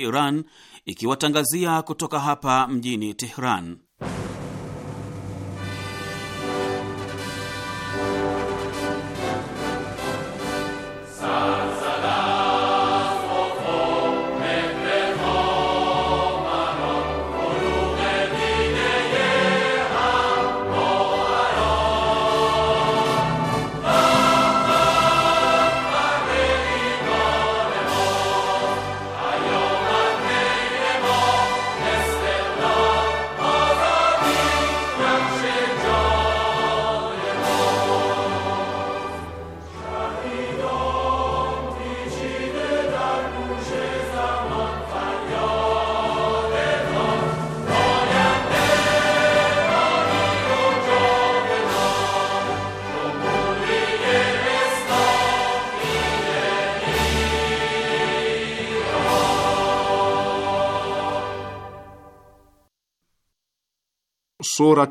Iran ikiwatangazia kutoka hapa mjini Tehran.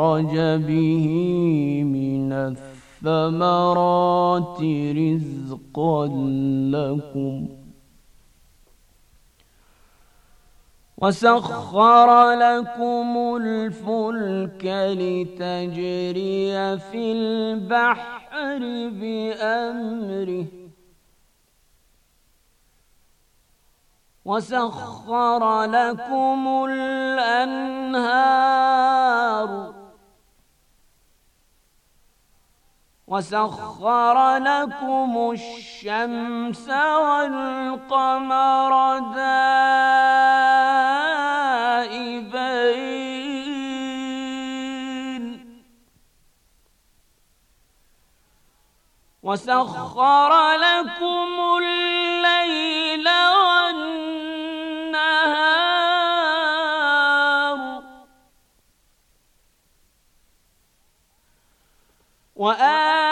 أخرج به من الثمرات رزقا لكم وسخر لكم الفلك لتجري في البحر بأمره وسخر لكم الأنهار وسخر لكم الشمس والقمر دائبين وسخر لكم الليل وآل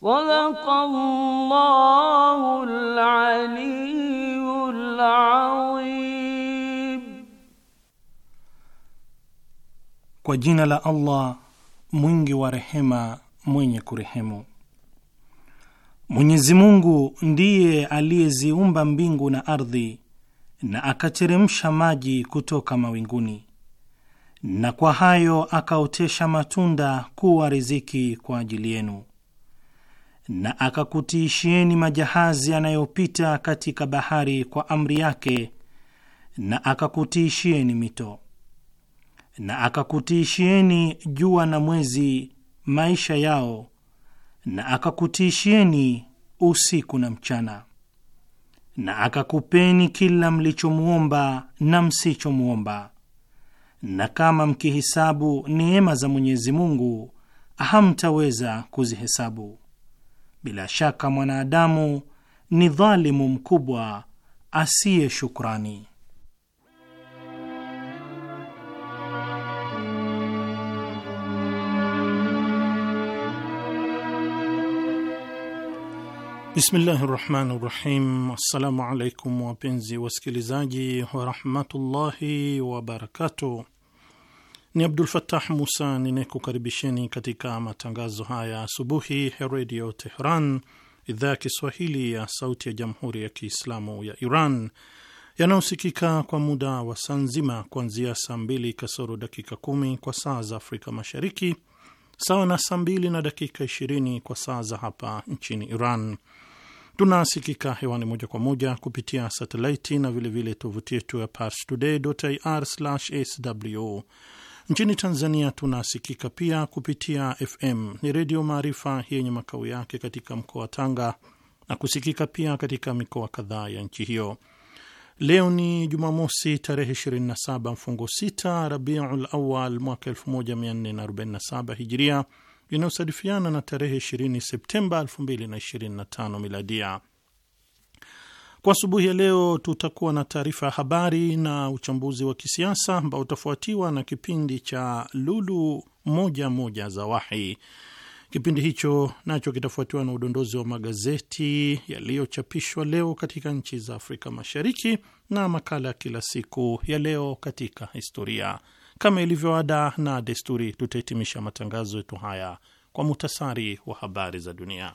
Kwa jina la Allah mwingi wa rehema mwenye kurehemu. Mwenyezi Mungu ndiye aliyeziumba mbingu na ardhi na akateremsha maji kutoka mawinguni na kwa hayo akaotesha matunda kuwa riziki kwa ajili yenu na akakutiishieni majahazi yanayopita katika bahari kwa amri yake, na akakutiishieni mito, na akakutiishieni jua na mwezi maisha yao, na akakutiishieni usiku na mchana, na akakupeni kila mlichomwomba na msichomwomba. Na kama mkihisabu neema za Mwenyezi Mungu hamtaweza kuzihesabu. Bila shaka mwanadamu ni dhalimu mkubwa asiye shukrani. Bismillahi rahmani rahim. Assalamu alaikum wapenzi wasikilizaji warahmatullahi wabarakatuh. Ni Abdul Fatah Musa ninekukaribisheni katika matangazo haya asubuhi ya Redio Tehran, idhaa ya Kiswahili ya sauti ya Jamhuri ya Kiislamu ya Iran, yanayosikika kwa muda wa saa nzima kuanzia saa mbili kasoro dakika kumi kwa saa za Afrika Mashariki, sawa na saa mbili na dakika ishirini kwa saa za hapa nchini Iran. Tunasikika hewani moja kwa moja kupitia satelaiti na vilevile tovuti yetu ya parstoday ir sw Nchini Tanzania tunasikika pia kupitia FM ni Redio Maarifa yenye makao yake katika mkoa wa Tanga na kusikika pia katika mikoa kadhaa ya nchi hiyo. Leo ni Jumamosi tarehe 27 mfungo 6 Rabiul Awal mwaka 1447 Hijiria, inayosadifiana na tarehe 20 Septemba 2025 Miladia. Kwa asubuhi ya leo tutakuwa na taarifa ya habari na uchambuzi wa kisiasa ambao utafuatiwa na kipindi cha lulu moja moja za Wahi. Kipindi hicho nacho kitafuatiwa na udondozi wa magazeti yaliyochapishwa leo katika nchi za Afrika Mashariki na makala ya kila siku ya leo katika historia. Kama ilivyo ada na desturi, tutahitimisha matangazo yetu haya kwa muhtasari wa habari za dunia.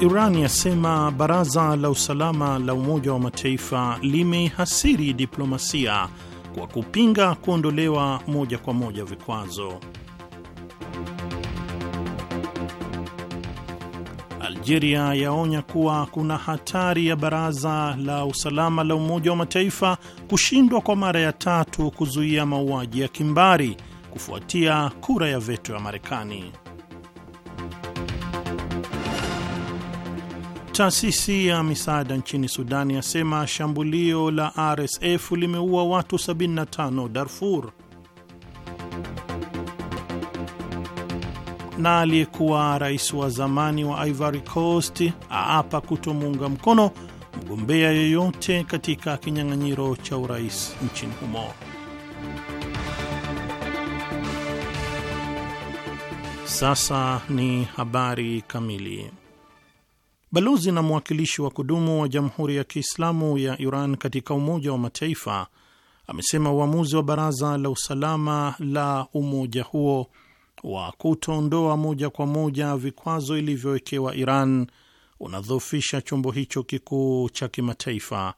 Iran yasema baraza la usalama la Umoja wa Mataifa limeihasiri diplomasia kwa kupinga kuondolewa moja kwa moja vikwazo. Algeria yaonya kuwa kuna hatari ya baraza la usalama la Umoja wa Mataifa kushindwa kwa mara ya tatu kuzuia mauaji ya kimbari kufuatia kura ya veto ya Marekani. Taasisi ya misaada nchini Sudani yasema shambulio la RSF limeua watu 75 Darfur. Na aliyekuwa rais wa zamani wa Ivory Coast aapa kutomuunga mkono mgombea yoyote katika kinyang'anyiro cha urais nchini humo. Sasa ni habari kamili. Balozi na mwakilishi wa kudumu wa Jamhuri ya Kiislamu ya Iran katika Umoja wa Mataifa amesema uamuzi wa Baraza la Usalama la umoja huo wa kutoondoa moja kwa moja vikwazo ilivyowekewa Iran unadhoofisha chombo hicho kikuu cha kimataifa,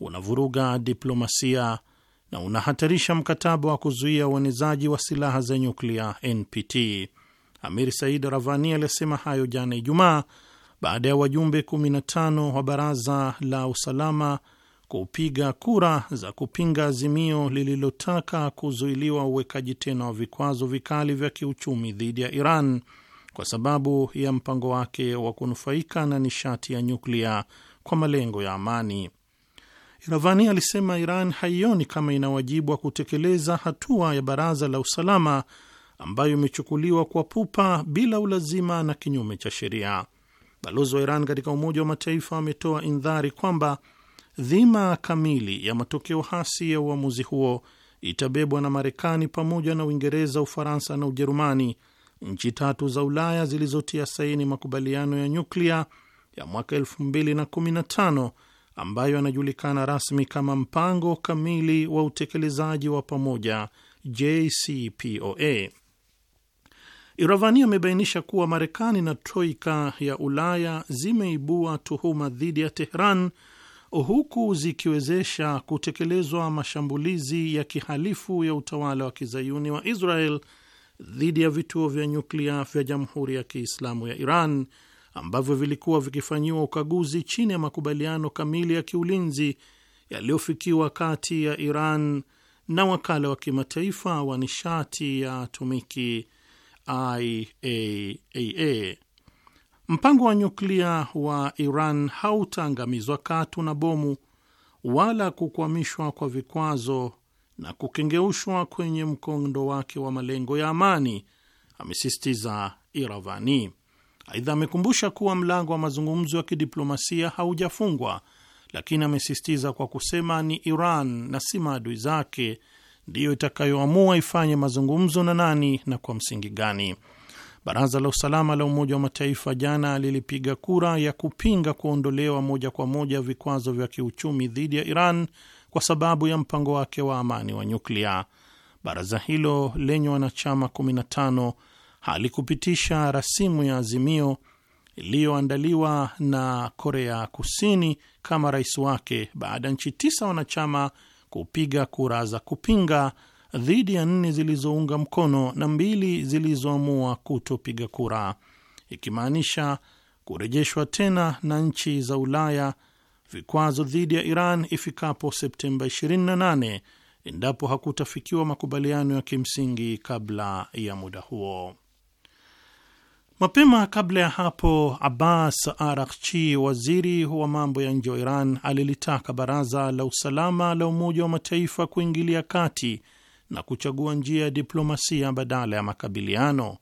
unavuruga diplomasia na unahatarisha mkataba wa kuzuia uenezaji wa silaha za nyuklia NPT. Amir Said Ravani alisema hayo jana Ijumaa baada ya wajumbe 15 wa baraza la usalama kupiga kura za kupinga azimio lililotaka kuzuiliwa uwekaji tena wa vikwazo vikali vya kiuchumi dhidi ya Iran kwa sababu ya mpango wake wa kunufaika na nishati ya nyuklia kwa malengo ya amani. Iravani alisema Iran haioni kama ina wajibu wa kutekeleza hatua ya baraza la usalama ambayo imechukuliwa kwa pupa bila ulazima na kinyume cha sheria. Balozi wa Iran katika Umoja wa Mataifa ametoa indhari kwamba dhima kamili ya matokeo hasi ya uamuzi huo itabebwa na Marekani pamoja na Uingereza, Ufaransa na Ujerumani, nchi tatu za Ulaya zilizotia saini makubaliano ya nyuklia ya mwaka 2015 ambayo yanajulikana rasmi kama mpango kamili wa utekelezaji wa pamoja JCPOA. Iravani amebainisha kuwa Marekani na troika ya Ulaya zimeibua tuhuma dhidi ya Tehran huku zikiwezesha kutekelezwa mashambulizi ya kihalifu ya utawala wa kizayuni wa Israel dhidi ya vituo vya nyuklia vya Jamhuri ya Kiislamu ya Iran ambavyo vilikuwa vikifanyiwa ukaguzi chini ya makubaliano kamili ya kiulinzi yaliyofikiwa kati ya Iran na wakala wa kimataifa wa nishati ya atomiki IAEA. Mpango wa nyuklia wa Iran hautaangamizwa katu na bomu wala kukwamishwa kwa vikwazo na kukengeushwa kwenye mkondo wake wa malengo ya amani, amesisitiza Iravani. Aidha, amekumbusha kuwa mlango wa mazungumzo ya kidiplomasia haujafungwa, lakini amesisitiza kwa kusema ni Iran na si maadui zake ndiyo itakayoamua ifanye mazungumzo na nani na kwa msingi gani. Baraza la Usalama la Umoja wa Mataifa jana lilipiga kura ya kupinga kuondolewa moja kwa moja vikwazo vya kiuchumi dhidi ya Iran kwa sababu ya mpango wake wa amani wa nyuklia. Baraza hilo lenye wanachama 15 halikupitisha rasimu ya azimio iliyoandaliwa na Korea Kusini kama rais wake baada ya nchi tisa wanachama kupiga kura za kupinga dhidi ya nne zilizounga mkono na mbili zilizoamua kutopiga kura, ikimaanisha kurejeshwa tena na nchi za Ulaya vikwazo dhidi ya Iran ifikapo Septemba 28 endapo hakutafikiwa makubaliano ya kimsingi kabla ya muda huo. Mapema kabla ya hapo, Abbas Arakchi, waziri wa mambo ya nje wa Iran, alilitaka baraza la usalama la Umoja wa Mataifa kuingilia kati na kuchagua njia ya diplomasia badala ya makabiliano.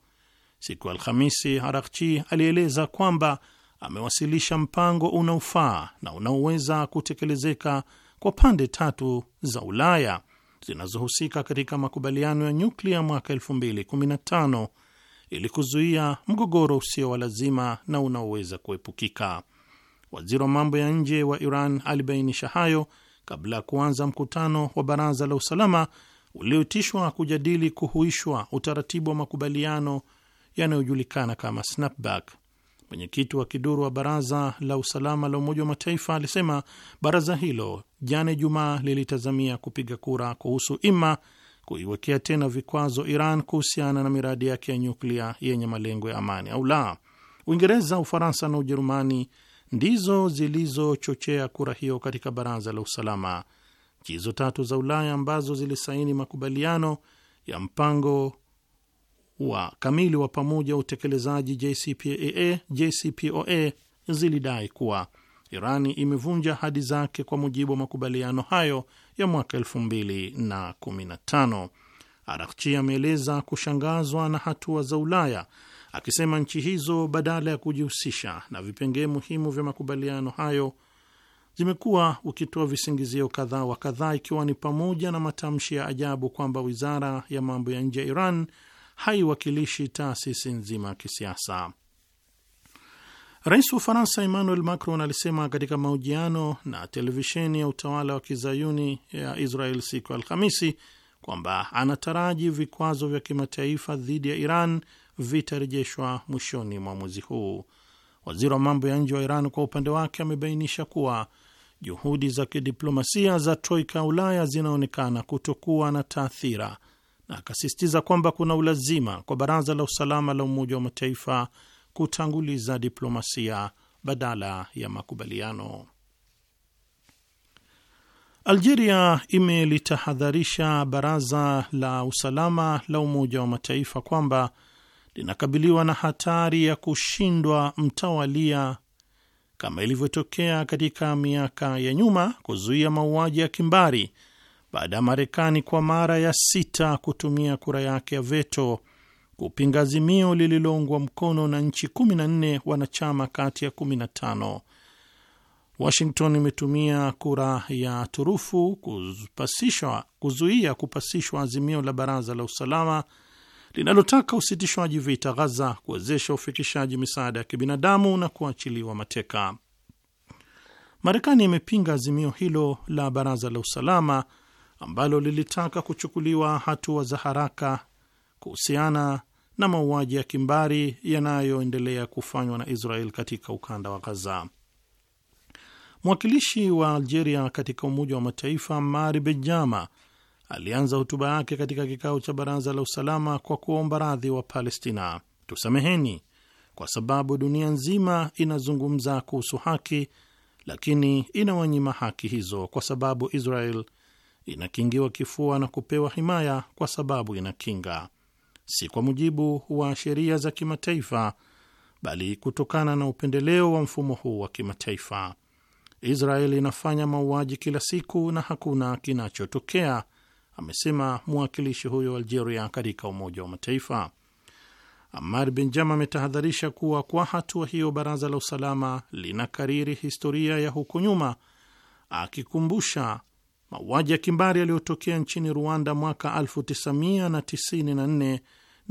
Siku ya Alhamisi, Arakchi alieleza kwamba amewasilisha mpango unaofaa na unaoweza kutekelezeka kwa pande tatu za Ulaya zinazohusika katika makubaliano ya nyuklia mwaka 2015 ili kuzuia mgogoro usio wa lazima na unaoweza kuepukika. Waziri wa mambo ya nje wa Iran alibainisha hayo kabla ya kuanza mkutano wa Baraza la Usalama ulioitishwa kujadili kuhuishwa utaratibu wa makubaliano yanayojulikana kama snapback. Mwenyekiti wa kiduru wa Baraza la Usalama la Umoja wa Mataifa alisema baraza hilo jana Ijumaa lilitazamia kupiga kura kuhusu ima kuiwekea tena vikwazo Iran kuhusiana na miradi yake ya nyuklia yenye malengo ya amani au la. Uingereza, Ufaransa na Ujerumani ndizo zilizochochea kura hiyo katika Baraza la Usalama. Nchi hizo tatu za Ulaya ambazo zilisaini makubaliano ya mpango wa kamili wa pamoja wa utekelezaji JCPOA zilidai kuwa Irani imevunja ahadi zake kwa mujibu wa makubaliano hayo ya mwaka tano. Arakchi ameeleza kushangazwa na hatua za Ulaya akisema nchi hizo badala ya kujihusisha na vipengee muhimu vya makubaliano hayo zimekuwa ukitoa visingizio kadhaa wa kadhaa ikiwa ni pamoja na matamshi ya ajabu kwamba wizara ya mambo ya nje ya Iran haiwakilishi taasisi nzima ya kisiasa. Rais wa Ufaransa Emmanuel Macron alisema katika mahojiano na televisheni ya utawala wa kizayuni ya Israel siku ya Alhamisi kwamba anataraji vikwazo vya kimataifa dhidi ya Iran vitarejeshwa mwishoni mwa mwezi huu. Waziri wa mambo ya nje wa Iran kwa upande wake amebainisha kuwa juhudi za kidiplomasia za troika ya Ulaya zinaonekana kutokuwa na taathira, na akasisitiza kwamba kuna ulazima kwa Baraza la Usalama la Umoja wa Mataifa kutanguliza diplomasia badala ya makubaliano. Algeria imelitahadharisha Baraza la Usalama la Umoja wa Mataifa kwamba linakabiliwa na hatari ya kushindwa mtawalia kama ilivyotokea katika miaka ya nyuma kuzuia mauaji ya kimbari baada ya Marekani kwa mara ya sita kutumia kura yake ya veto kupinga azimio lililoungwa mkono na nchi 14 wanachama kati ya 15. Washington imetumia kura ya turufu kupasishwa, kuzuia kupasishwa azimio la baraza la usalama linalotaka usitishwaji vita Ghaza, kuwezesha ufikishaji misaada ya kibinadamu na kuachiliwa mateka. Marekani imepinga azimio hilo la baraza la usalama ambalo lilitaka kuchukuliwa hatua za haraka kuhusiana na mauaji ya kimbari yanayoendelea kufanywa na Israel katika ukanda wa Ghaza. Mwakilishi wa Algeria katika Umoja wa Mataifa mari Benjama alianza hotuba yake katika kikao cha Baraza la Usalama kwa kuomba radhi wa Palestina. Tusameheni kwa sababu dunia nzima inazungumza kuhusu haki, lakini inawanyima haki hizo kwa sababu Israel inakingiwa kifua na kupewa himaya kwa sababu inakinga si kwa mujibu wa sheria za kimataifa, bali kutokana na upendeleo wa mfumo huu wa kimataifa. Israel inafanya mauaji kila siku na hakuna kinachotokea, amesema mwakilishi huyo Algeria katika Umoja wa Mataifa. amar Benjama ametahadharisha kuwa kwa hatua hiyo baraza la usalama linakariri historia ya huko nyuma, akikumbusha mauaji ya kimbari yaliyotokea nchini Rwanda mwaka 1994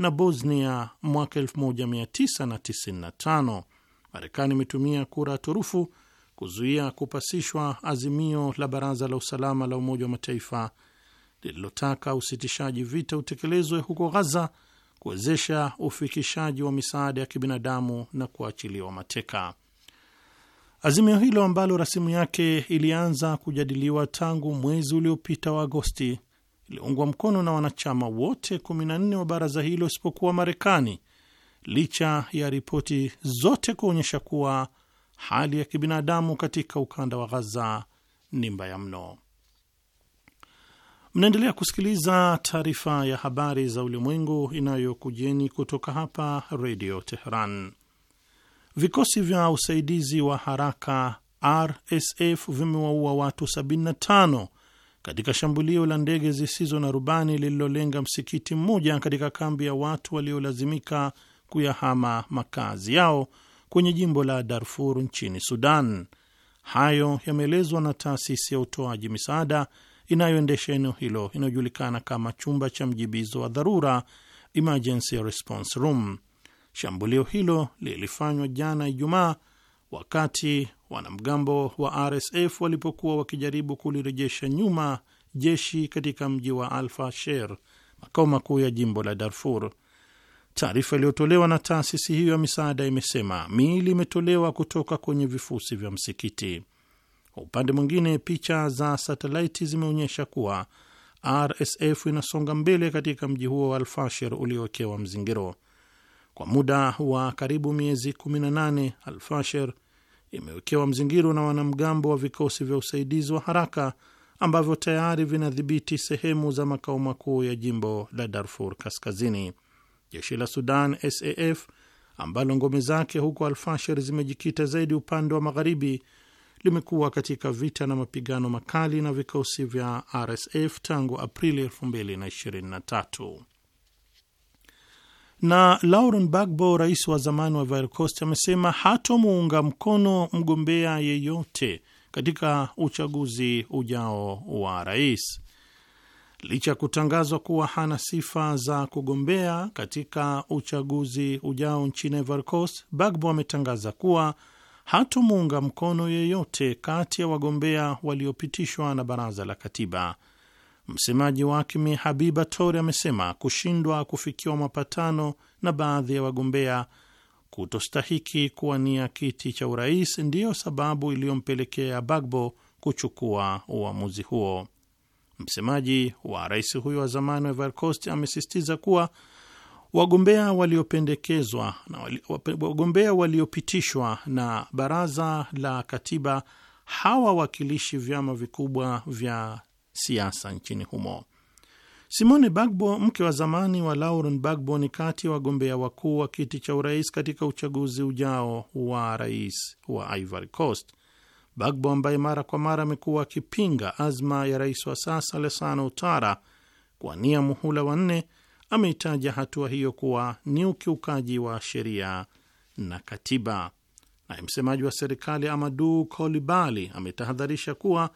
na Bosnia mwaka 1995. Marekani imetumia kura ya turufu kuzuia kupasishwa azimio la Baraza la Usalama la Umoja wa Mataifa lililotaka usitishaji vita utekelezwe huko Ghaza, kuwezesha ufikishaji wa misaada ya kibinadamu na kuachiliwa mateka. Azimio hilo ambalo rasimu yake ilianza kujadiliwa tangu mwezi uliopita wa Agosti iliungwa mkono na wanachama wote 14 wa baraza hilo isipokuwa Marekani, licha ya ripoti zote kuonyesha kuwa hali ya kibinadamu katika ukanda wa Ghaza ni mbaya mno. Mnaendelea kusikiliza taarifa ya habari za ulimwengu inayokujeni kutoka hapa Redio Teheran. Vikosi vya usaidizi wa haraka RSF vimewaua watu 75 katika shambulio la ndege zisizo na rubani lililolenga msikiti mmoja katika kambi ya watu waliolazimika kuyahama makazi yao kwenye jimbo la Darfur nchini Sudan. Hayo yameelezwa na taasisi ya utoaji misaada inayoendesha eneo hilo inayojulikana kama chumba cha mjibizo wa dharura, Emergency Response Room. Shambulio hilo lilifanywa jana Ijumaa wakati wanamgambo wa RSF walipokuwa wakijaribu kulirejesha nyuma jeshi katika mji wa alfasher makao makuu ya jimbo la Darfur. Taarifa iliyotolewa na taasisi hiyo ya misaada imesema miili imetolewa kutoka kwenye vifusi vya msikiti. Kwa upande mwingine, picha za satelaiti zimeonyesha kuwa RSF inasonga mbele katika mji huo wa Alfasher uliowekewa mzingiro. Kwa muda wa karibu miezi 18 Alfasher imewekewa mzingiro na wanamgambo wa vikosi vya usaidizi wa haraka ambavyo tayari vinadhibiti sehemu za makao makuu ya jimbo la Darfur Kaskazini. Jeshi la Sudan SAF ambalo ngome zake huko alfasher zimejikita zaidi upande wa magharibi limekuwa katika vita na mapigano makali na vikosi vya RSF tangu Aprili 2023 na Lauren bagbo rais wa zamani wa Ivory Coast, amesema hatomuunga mkono mgombea yeyote katika uchaguzi ujao wa rais. Licha ya kutangazwa kuwa hana sifa za kugombea katika uchaguzi ujao nchini Ivory Coast, ametangaza kuwa hatomuunga mkono yeyote kati ya wagombea waliopitishwa na baraza la katiba. Msemaji wa AKMI Habiba Tore amesema kushindwa kufikiwa mapatano na baadhi ya wagombea kutostahiki kuwania kiti cha urais ndiyo sababu iliyompelekea Bagbo kuchukua uamuzi huo. Msemaji wa rais huyo wa zamani wa Ivory Coast amesisitiza kuwa wagombea waliopendekezwa na wali, wagombea waliopitishwa na baraza la katiba hawawakilishi vyama vikubwa vya siasa nchini humo. Simone Bagbo, mke wa zamani wa Lauren Bagbo, ni kati ya wagombea wakuu wa kiti cha urais katika uchaguzi ujao wa rais wa Ivory Coast. Bagbo ambaye mara kwa mara amekuwa akipinga azma ya rais wa sasa Lassana Ouattara kuwania muhula wa nne, ameitaja hatua hiyo kuwa ni ukiukaji wa sheria na katiba. Naye msemaji wa serikali Amadou Kolibali ametahadharisha kuwa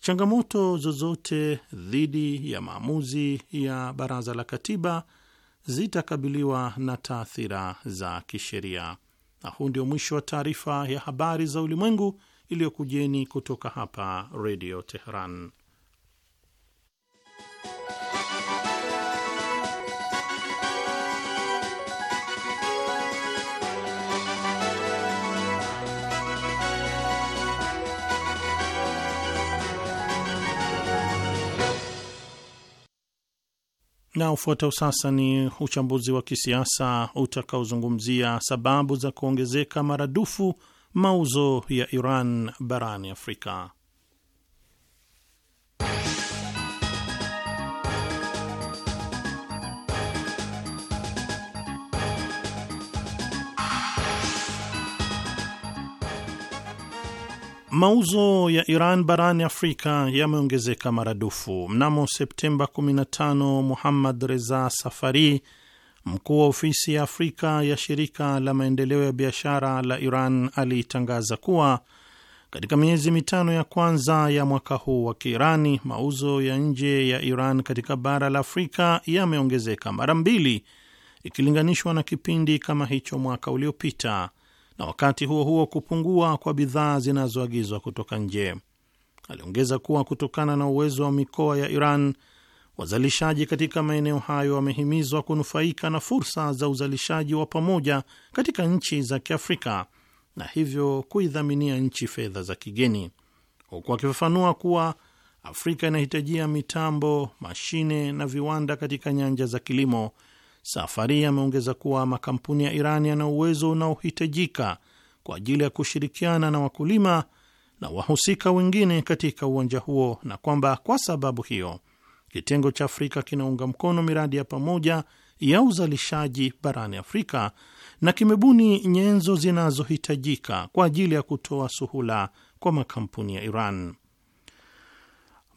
Changamoto zozote dhidi ya maamuzi ya Baraza la Katiba zitakabiliwa na taathira za kisheria. Na huu ndio mwisho wa taarifa ya habari za ulimwengu iliyokujeni kutoka hapa Redio Teheran. Na ufuatao sasa ni uchambuzi wa kisiasa utakaozungumzia sababu za kuongezeka maradufu mauzo ya Iran barani Afrika. Mauzo ya Iran barani Afrika yameongezeka maradufu. Mnamo Septemba 15, Muhammad Reza Safari, mkuu wa ofisi ya Afrika ya shirika la maendeleo ya biashara la Iran, alitangaza kuwa katika miezi mitano ya kwanza ya mwaka huu wa Kiirani, mauzo ya nje ya Iran katika bara la Afrika yameongezeka mara mbili ikilinganishwa na kipindi kama hicho mwaka uliopita na wakati huo huo kupungua kwa bidhaa zinazoagizwa kutoka nje. Aliongeza kuwa kutokana na uwezo wa mikoa ya Iran, wazalishaji katika maeneo hayo wamehimizwa kunufaika na fursa za uzalishaji wa pamoja katika nchi za Kiafrika na hivyo kuidhaminia nchi fedha za kigeni, huku akifafanua kuwa Afrika inahitajia mitambo, mashine na viwanda katika nyanja za kilimo Safari ameongeza kuwa makampuni ya Iran yana uwezo unaohitajika kwa ajili ya kushirikiana na wakulima na wahusika wengine katika uwanja huo na kwamba kwa sababu hiyo kitengo cha Afrika kinaunga mkono miradi ya pamoja ya uzalishaji barani Afrika na kimebuni nyenzo zinazohitajika kwa ajili ya kutoa suhula kwa makampuni ya Iran.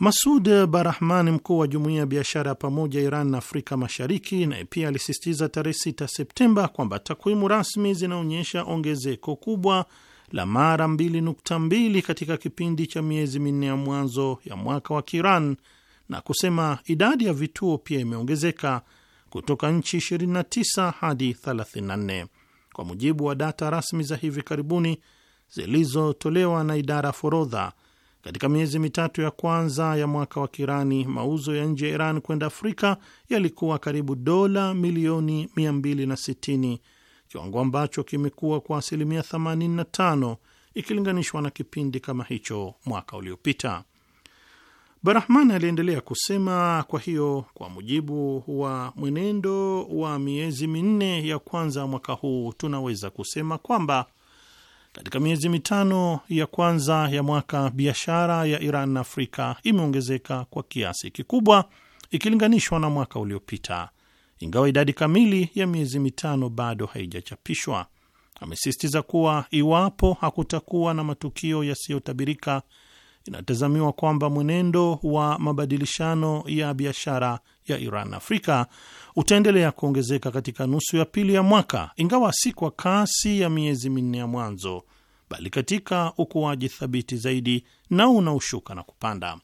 Masud Barahman, mkuu wa jumuiya ya biashara ya pamoja Iran na Afrika Mashariki, naye pia alisisitiza tarehe 6 Septemba kwamba takwimu rasmi zinaonyesha ongezeko kubwa la mara 2.2 katika kipindi cha miezi minne ya mwanzo ya mwaka wa Kiiran na kusema idadi ya vituo pia imeongezeka kutoka nchi 29 hadi 34 kwa mujibu wa data rasmi za hivi karibuni zilizotolewa na idara forodha. Katika miezi mitatu ya kwanza ya mwaka wa Kirani, mauzo ya nje ya Iran kwenda Afrika yalikuwa karibu dola milioni 260, kiwango ambacho kimekuwa kwa asilimia 85 ikilinganishwa na kipindi kama hicho mwaka uliopita. Barahman aliendelea kusema, kwa hiyo kwa mujibu wa mwenendo wa miezi minne ya kwanza mwaka huu tunaweza kusema kwamba katika miezi mitano ya kwanza ya mwaka, biashara ya Iran na Afrika imeongezeka kwa kiasi kikubwa ikilinganishwa na mwaka uliopita, ingawa idadi kamili ya miezi mitano bado haijachapishwa. Amesisitiza kuwa iwapo hakutakuwa na matukio yasiyotabirika, inatazamiwa kwamba mwenendo wa mabadilishano ya biashara ya Iran na Afrika utaendelea kuongezeka katika nusu ya pili ya mwaka, ingawa si kwa kasi ya miezi minne ya mwanzo, bali katika ukuaji thabiti zaidi na unaoshuka na kupanda.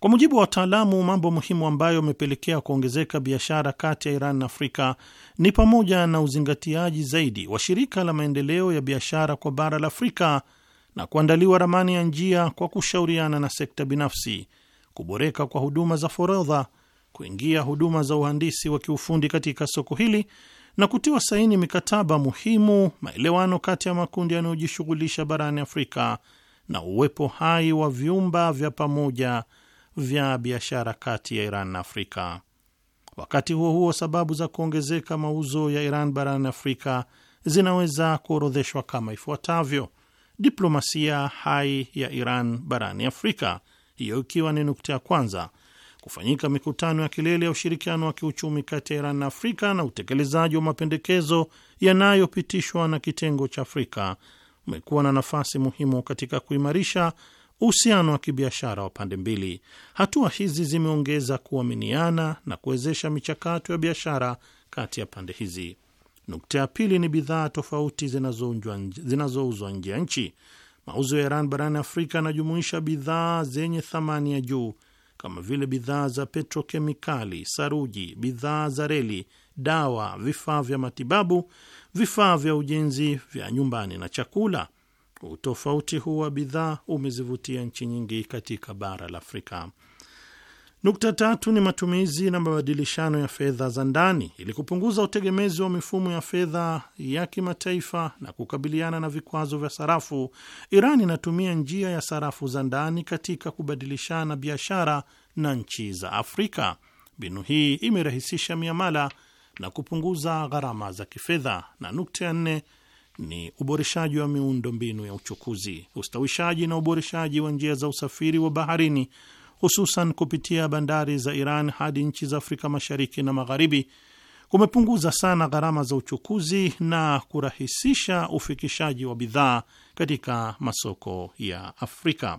Kwa mujibu wa wataalamu, mambo muhimu ambayo yamepelekea kuongezeka biashara kati ya Iran na Afrika ni pamoja na uzingatiaji zaidi wa shirika la maendeleo ya biashara kwa bara la Afrika na kuandaliwa ramani ya njia kwa kushauriana na sekta binafsi, kuboreka kwa huduma za forodha kuingia huduma za uhandisi wa kiufundi katika soko hili na kutiwa saini mikataba muhimu, maelewano kati ya makundi yanayojishughulisha barani Afrika na uwepo hai wa vyumba vya pamoja vya biashara kati ya Iran na Afrika. Wakati huo huo, sababu za kuongezeka mauzo ya Iran barani Afrika zinaweza kuorodheshwa kama ifuatavyo: diplomasia hai ya Iran barani Afrika, hiyo ikiwa ni nukta ya kwanza kufanyika mikutano ya kilele ya ushirikiano wa kiuchumi kati ya Iran na Afrika na utekelezaji wa mapendekezo yanayopitishwa na kitengo cha Afrika umekuwa na nafasi muhimu katika kuimarisha uhusiano wa kibiashara wa pande mbili. Hatua hizi zimeongeza kuaminiana na kuwezesha michakato ya biashara kati ya pande hizi. Nukta ya pili ni bidhaa tofauti zinazouzwa nje ya nchi. Mauzo ya Iran barani Afrika yanajumuisha bidhaa zenye thamani ya juu kama vile bidhaa za petrokemikali, saruji, bidhaa za reli, dawa, vifaa vya matibabu, vifaa vya ujenzi, vya nyumbani na chakula. Utofauti huu wa bidhaa umezivutia nchi nyingi katika bara la Afrika. Nukta tatu ni matumizi na mabadilishano ya fedha za ndani ili kupunguza utegemezi wa mifumo ya fedha ya kimataifa na kukabiliana na vikwazo vya sarafu. Iran inatumia njia ya sarafu za ndani katika kubadilishana biashara na nchi za Afrika. Mbinu hii imerahisisha miamala na kupunguza gharama za kifedha. Na nukta ya nne ni uboreshaji wa miundo mbinu ya uchukuzi, ustawishaji na uboreshaji wa njia za usafiri wa baharini hususan kupitia bandari za Iran hadi nchi za Afrika Mashariki na Magharibi kumepunguza sana gharama za uchukuzi na kurahisisha ufikishaji wa bidhaa katika masoko ya Afrika.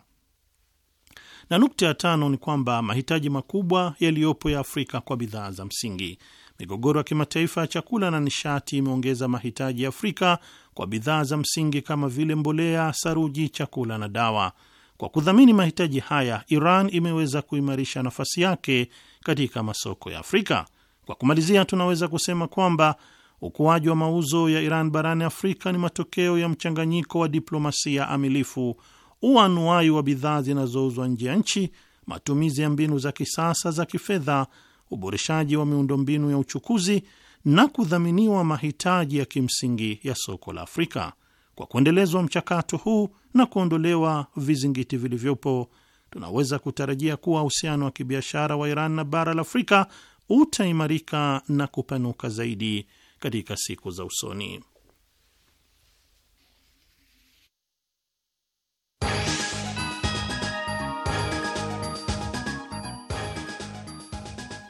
Na nukta ya tano ni kwamba mahitaji makubwa yaliyopo ya Afrika kwa bidhaa za msingi, migogoro ya kimataifa ya chakula na nishati imeongeza mahitaji ya Afrika kwa bidhaa za msingi kama vile mbolea, saruji, chakula na dawa. Kwa kudhamini mahitaji haya, Iran imeweza kuimarisha nafasi yake katika masoko ya Afrika. Kwa kumalizia, tunaweza kusema kwamba ukuaji wa mauzo ya Iran barani Afrika ni matokeo ya mchanganyiko wa diplomasia amilifu, uanuai wa bidhaa zinazouzwa nje ya nchi, matumizi ya mbinu za kisasa za kifedha, uboreshaji wa miundombinu ya uchukuzi na kudhaminiwa mahitaji ya kimsingi ya soko la Afrika. Kwa kuendelezwa mchakato huu na kuondolewa vizingiti vilivyopo, tunaweza kutarajia kuwa uhusiano wa kibiashara wa Iran na bara la Afrika utaimarika na kupanuka zaidi katika siku za usoni.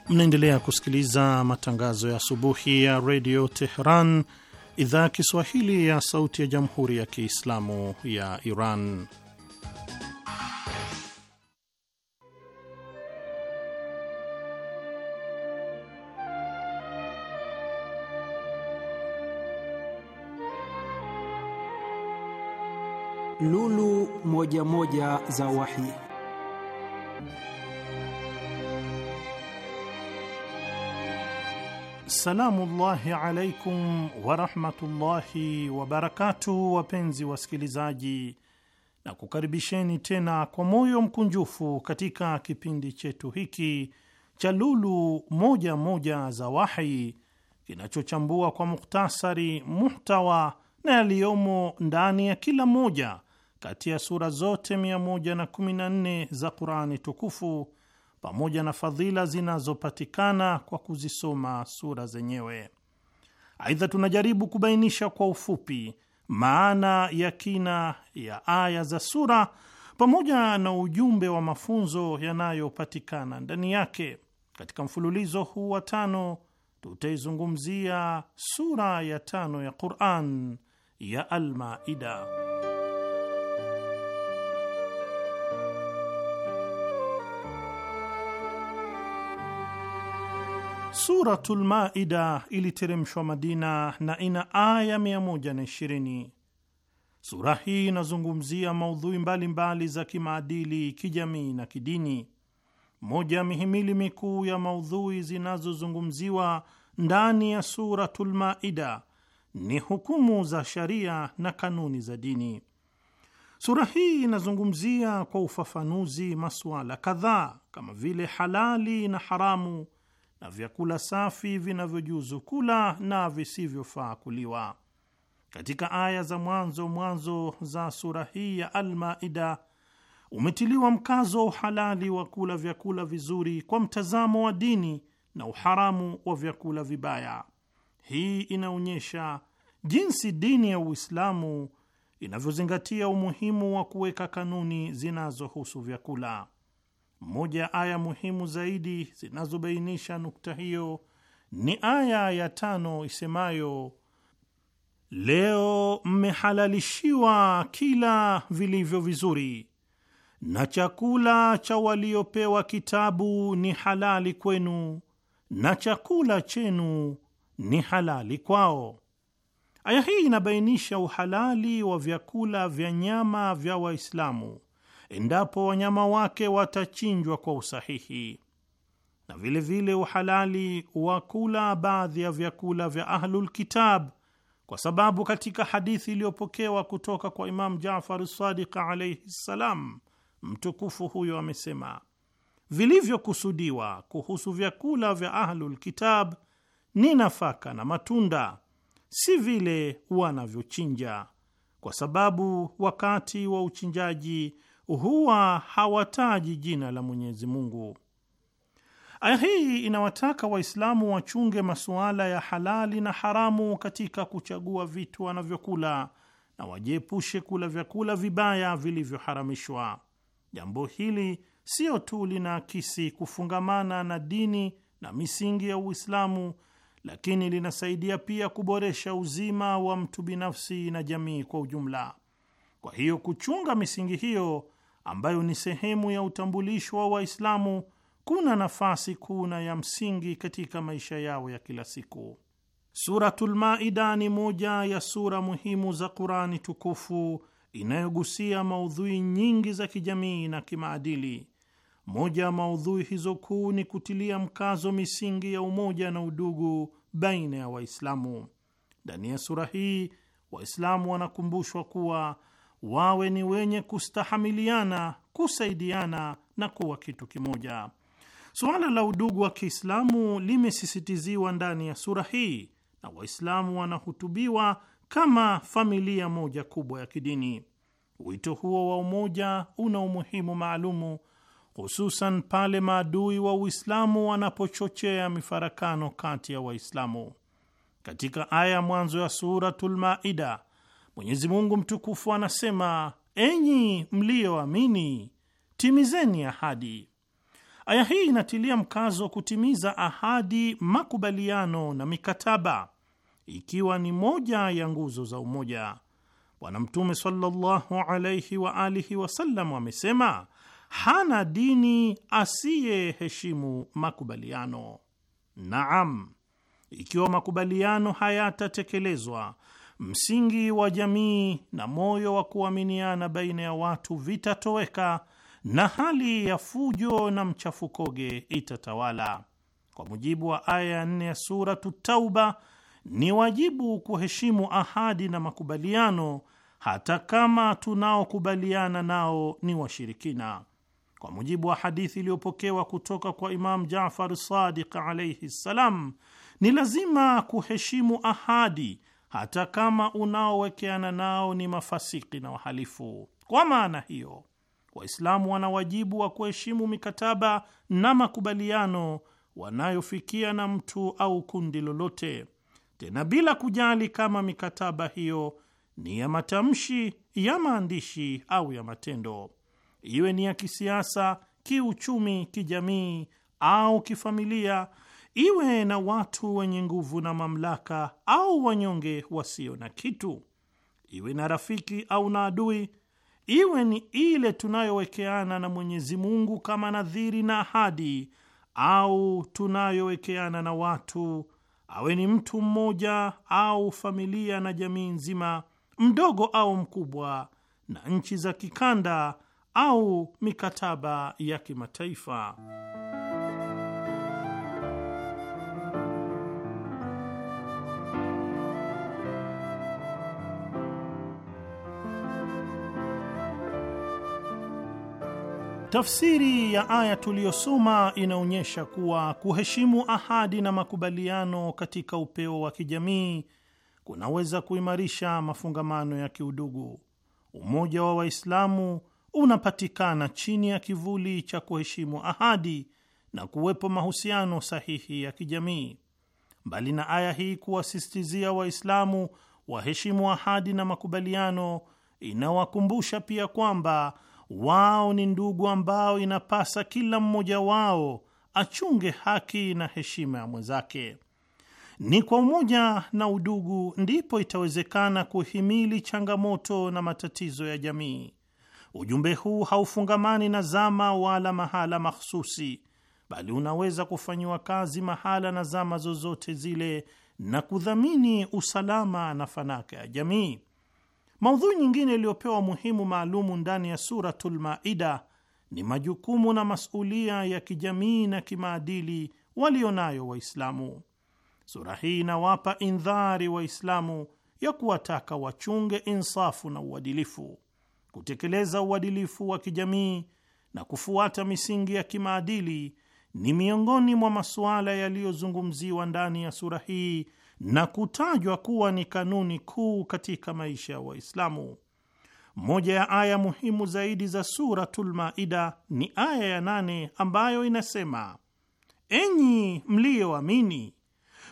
Mnaendelea kusikiliza matangazo ya asubuhi ya redio Teheran, idhaa ya Kiswahili ya Sauti ya Jamhuri ya Kiislamu ya Iran. Lulu moja moja za Wahi. Salamullahi alaikum warahmatullahi wabarakatu, wapenzi wasikilizaji, na kukaribisheni tena kwa moyo mkunjufu katika kipindi chetu hiki cha Lulu Moja Moja za Wahi kinachochambua kwa mukhtasari muhtawa na yaliyomo ndani ya kila moja kati ya sura zote 114 za Qurani tukufu pamoja na fadhila zinazopatikana kwa kuzisoma sura zenyewe. Aidha, tunajaribu kubainisha kwa ufupi maana ya kina ya aya za sura pamoja na ujumbe wa mafunzo yanayopatikana ndani yake. Katika mfululizo huu wa tano tutaizungumzia sura ya tano ya Quran ya Almaida. Suratul Maida iliteremshwa Madina na ina aya 120. Sura hii inazungumzia maudhui mbalimbali za kimaadili, kijamii na kidini. Moja ya mihimili mikuu ya maudhui zinazozungumziwa ndani ya Suratul Maida ni hukumu za sharia na kanuni za dini. Sura hii inazungumzia kwa ufafanuzi masuala kadhaa kama vile halali na haramu na vyakula safi vinavyojuzu kula na visivyofaa kuliwa. Katika aya za mwanzo mwanzo za sura hii ya Almaida umetiliwa mkazo wa uhalali wa kula vyakula vizuri kwa mtazamo wa dini na uharamu wa vyakula vibaya. Hii inaonyesha jinsi dini ya Uislamu inavyozingatia umuhimu wa kuweka kanuni zinazohusu vyakula. Moja ya aya muhimu zaidi zinazobainisha nukta hiyo ni aya ya tano isemayo, leo mmehalalishiwa kila vilivyo vizuri na chakula cha waliopewa kitabu ni halali kwenu na chakula chenu ni halali kwao. Aya hii inabainisha uhalali wa vyakula vya nyama vya Waislamu endapo wanyama wake watachinjwa kwa usahihi, na vilevile vile uhalali wa kula baadhi ya vyakula vya Ahlul Kitab, kwa sababu katika hadithi iliyopokewa kutoka kwa Imam Jafar Sadiq alaihi ssalam, mtukufu huyo amesema vilivyokusudiwa kuhusu vyakula vya Ahlul Kitab ni nafaka na matunda, si vile wanavyochinja, kwa sababu wakati wa uchinjaji huwa hawataji jina la Mwenyezi Mungu. Aya hii inawataka Waislamu wachunge masuala ya halali na haramu katika kuchagua vitu wanavyokula na wajiepushe kula vyakula vibaya vilivyoharamishwa. Jambo hili siyo tu linaakisi kufungamana na dini na misingi ya Uislamu, lakini linasaidia pia kuboresha uzima wa mtu binafsi na jamii kwa ujumla. Kwa hiyo kuchunga misingi hiyo ambayo ni sehemu ya utambulisho wa Waislamu kuna nafasi na ya msingi katika maisha yao ya kila siku. Suratul Maida ni moja ya sura muhimu za Qurani tukufu inayogusia maudhui nyingi za kijamii na kimaadili. Moja ya maudhui hizo kuu ni kutilia mkazo misingi ya umoja na udugu baina ya Waislamu. Ndani ya sura hii Waislamu wanakumbushwa kuwa wawe ni wenye kustahamiliana, kusaidiana na kuwa kitu kimoja. Suala la udugu wa Kiislamu limesisitiziwa ndani ya sura hii na Waislamu wanahutubiwa kama familia moja kubwa ya kidini. Wito huo wa umoja una umuhimu maalumu, hususan pale maadui wa Uislamu wanapochochea mifarakano kati ya Waislamu. Katika aya mwanzo ya Suratul Maida, Mwenyezi Mungu mtukufu anasema, enyi mliyoamini, timizeni ahadi. Aya hii inatilia mkazo kutimiza ahadi, makubaliano na mikataba, ikiwa ni moja ya nguzo za umoja. Bwana Mtume sallallahu alaihi wa alihi wasallam amesema hana dini asiyeheshimu makubaliano. Naam, ikiwa makubaliano hayatatekelezwa msingi wa jamii na moyo wa kuaminiana baina ya watu vitatoweka na hali ya fujo na mchafukoge itatawala. Kwa mujibu wa aya ya nne ya Suratu Tauba, ni wajibu kuheshimu ahadi na makubaliano, hata kama tunaokubaliana nao ni washirikina. Kwa mujibu wa hadithi iliyopokewa kutoka kwa Imam Jafar Sadiq alaihi ssalam, ni lazima kuheshimu ahadi hata kama unaowekeana nao ni mafasiki na wahalifu. Kwa maana hiyo, Waislamu wana wajibu wa kuheshimu mikataba na makubaliano wanayofikia na mtu au kundi lolote, tena bila kujali kama mikataba hiyo ni ya matamshi, ya maandishi au ya matendo, iwe ni ya kisiasa, kiuchumi, kijamii au kifamilia iwe na watu wenye nguvu na mamlaka au wanyonge wasio na kitu, iwe na rafiki au na adui, iwe ni ile tunayowekeana na Mwenyezi Mungu kama nadhiri na ahadi, au tunayowekeana na watu, awe ni mtu mmoja au familia na jamii nzima, mdogo au mkubwa, na nchi za kikanda au mikataba ya kimataifa. Tafsiri ya aya tuliyosoma inaonyesha kuwa kuheshimu ahadi na makubaliano katika upeo wa kijamii kunaweza kuimarisha mafungamano ya kiudugu. Umoja wa Waislamu unapatikana chini ya kivuli cha kuheshimu ahadi na kuwepo mahusiano sahihi ya kijamii. Mbali na aya hii kuwasisitizia Waislamu waheshimu ahadi na makubaliano, inawakumbusha pia kwamba wao ni ndugu ambao inapasa kila mmoja wao achunge haki na heshima ya mwenzake. Ni kwa umoja na udugu ndipo itawezekana kuhimili changamoto na matatizo ya jamii. Ujumbe huu haufungamani na zama wala mahala mahsusi, bali unaweza kufanyiwa kazi mahala na zama zozote zile na kudhamini usalama na fanaka ya jamii. Maudhui nyingine iliyopewa umuhimu maalumu ndani ya Suratul Maida ni majukumu na masulia ya kijamii na kimaadili walio nayo Waislamu. Sura hii inawapa indhari Waislamu ya kuwataka wachunge insafu na uadilifu, kutekeleza uadilifu wa kijamii na kufuata misingi ya kimaadili ni miongoni mwa masuala yaliyozungumziwa ndani ya sura hii na kutajwa kuwa ni kanuni kuu katika maisha ya Waislamu. Moja ya aya muhimu zaidi za Suratul Maida ni aya ya nane ambayo inasema, enyi mliyoamini,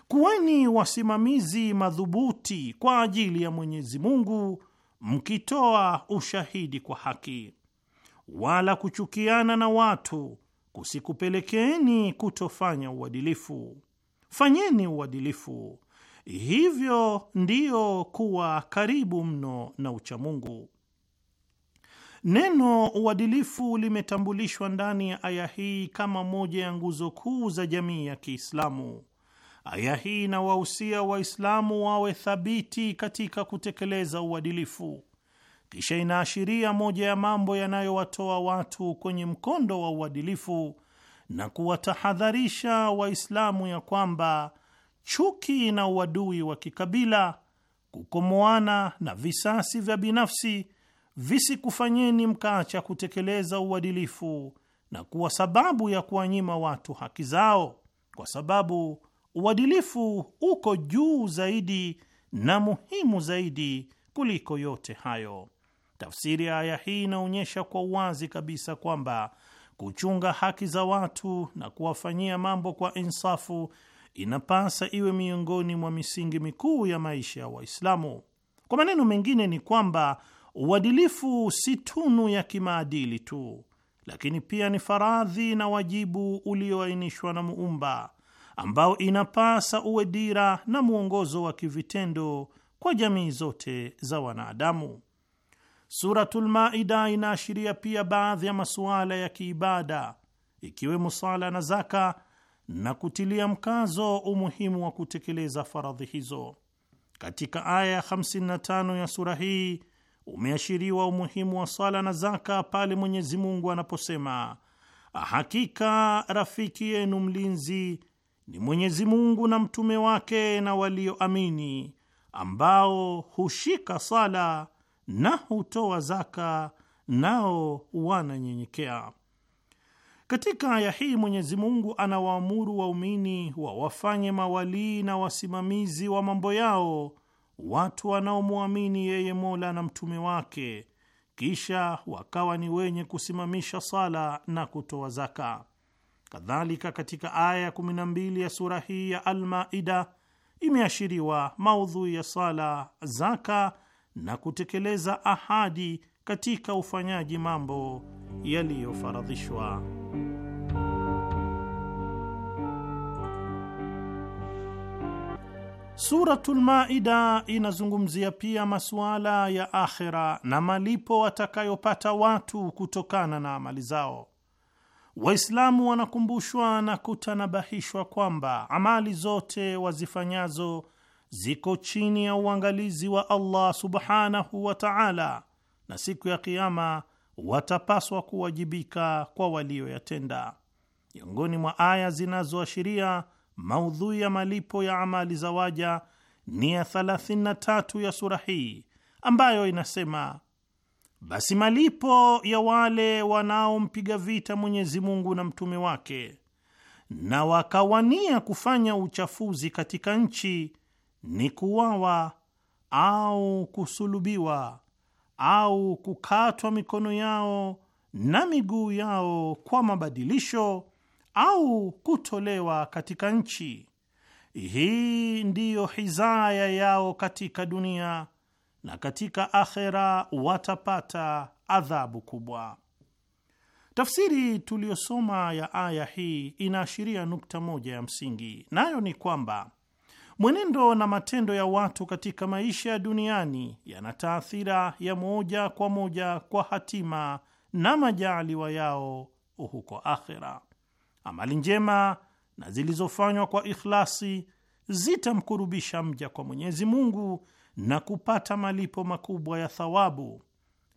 kuweni wasimamizi madhubuti kwa ajili ya Mwenyezi Mungu, mkitoa ushahidi kwa haki, wala kuchukiana na watu kusikupelekeeni kutofanya uadilifu. Fanyeni uadilifu Hivyo ndiyo kuwa karibu mno na uchamungu. Neno uadilifu limetambulishwa ndani ya aya hii kama moja ya nguzo kuu za jamii ya Kiislamu. Aya hii inawahusia Waislamu wawe thabiti katika kutekeleza uadilifu, kisha inaashiria moja ya mambo yanayowatoa watu kwenye mkondo wa uadilifu na kuwatahadharisha Waislamu ya kwamba chuki na uadui wa kikabila, kukomoana na visasi vya binafsi visikufanyeni mkaacha kutekeleza uadilifu na kuwa sababu ya kuwanyima watu haki zao, kwa sababu uadilifu uko juu zaidi na muhimu zaidi kuliko yote hayo. Tafsiri ya aya hii inaonyesha kwa uwazi kabisa kwamba kuchunga haki za watu na kuwafanyia mambo kwa insafu inapasa iwe miongoni mwa misingi mikuu ya maisha ya Waislamu. Kwa maneno mengine, ni kwamba uadilifu si tunu ya kimaadili tu, lakini pia ni faradhi na wajibu ulioainishwa na Muumba, ambao inapasa uwe dira na mwongozo wa kivitendo kwa jamii zote za wanadamu. Suratul Maida inaashiria pia baadhi ya masuala ya kiibada ikiwemo sala na zaka na kutilia mkazo umuhimu wa kutekeleza faradhi hizo. Katika aya 55 ya sura hii umeashiriwa umuhimu wa sala na zaka pale Mwenyezi Mungu anaposema, hakika rafiki yenu mlinzi ni Mwenyezi Mungu na mtume wake na walioamini ambao hushika sala na hutoa zaka nao wananyenyekea. Katika aya hii Mwenyezi Mungu anawaamuru waumini wawafanye mawalii na wasimamizi wa mambo yao watu wanaomwamini yeye Mola na mtume wake, kisha wakawa ni wenye kusimamisha sala na kutoa zaka. Kadhalika, katika aya ya 12 ya sura hii ya Almaida imeashiriwa maudhui ya sala, zaka na kutekeleza ahadi katika ufanyaji mambo yaliyofaradhishwa. Suratul Maida inazungumzia pia masuala ya akhira na malipo watakayopata watu kutokana na amali zao. Waislamu wanakumbushwa na kutanabahishwa kwamba amali zote wazifanyazo ziko chini ya uangalizi wa Allah subhanahu wa ta'ala na siku ya Kiama watapaswa kuwajibika kwa walioyatenda. Miongoni mwa aya zinazoashiria maudhui ya malipo ya amali za waja ni ya 33 ya sura hii ambayo inasema, basi malipo ya wale wanaompiga vita Mwenyezi Mungu na mtume wake na wakawania kufanya uchafuzi katika nchi ni kuwawa au kusulubiwa au kukatwa mikono yao na miguu yao kwa mabadilisho au kutolewa katika nchi. Hii ndiyo hizaya yao katika dunia, na katika akhera watapata adhabu kubwa. Tafsiri tuliyosoma ya aya hii inaashiria nukta moja ya msingi, nayo ni kwamba Mwenendo na matendo ya watu katika maisha ya duniani yana taathira ya moja kwa moja kwa hatima na majaaliwa yao huko akhera. Amali njema na zilizofanywa kwa ikhlasi zitamkurubisha mja kwa Mwenyezi Mungu na kupata malipo makubwa ya thawabu,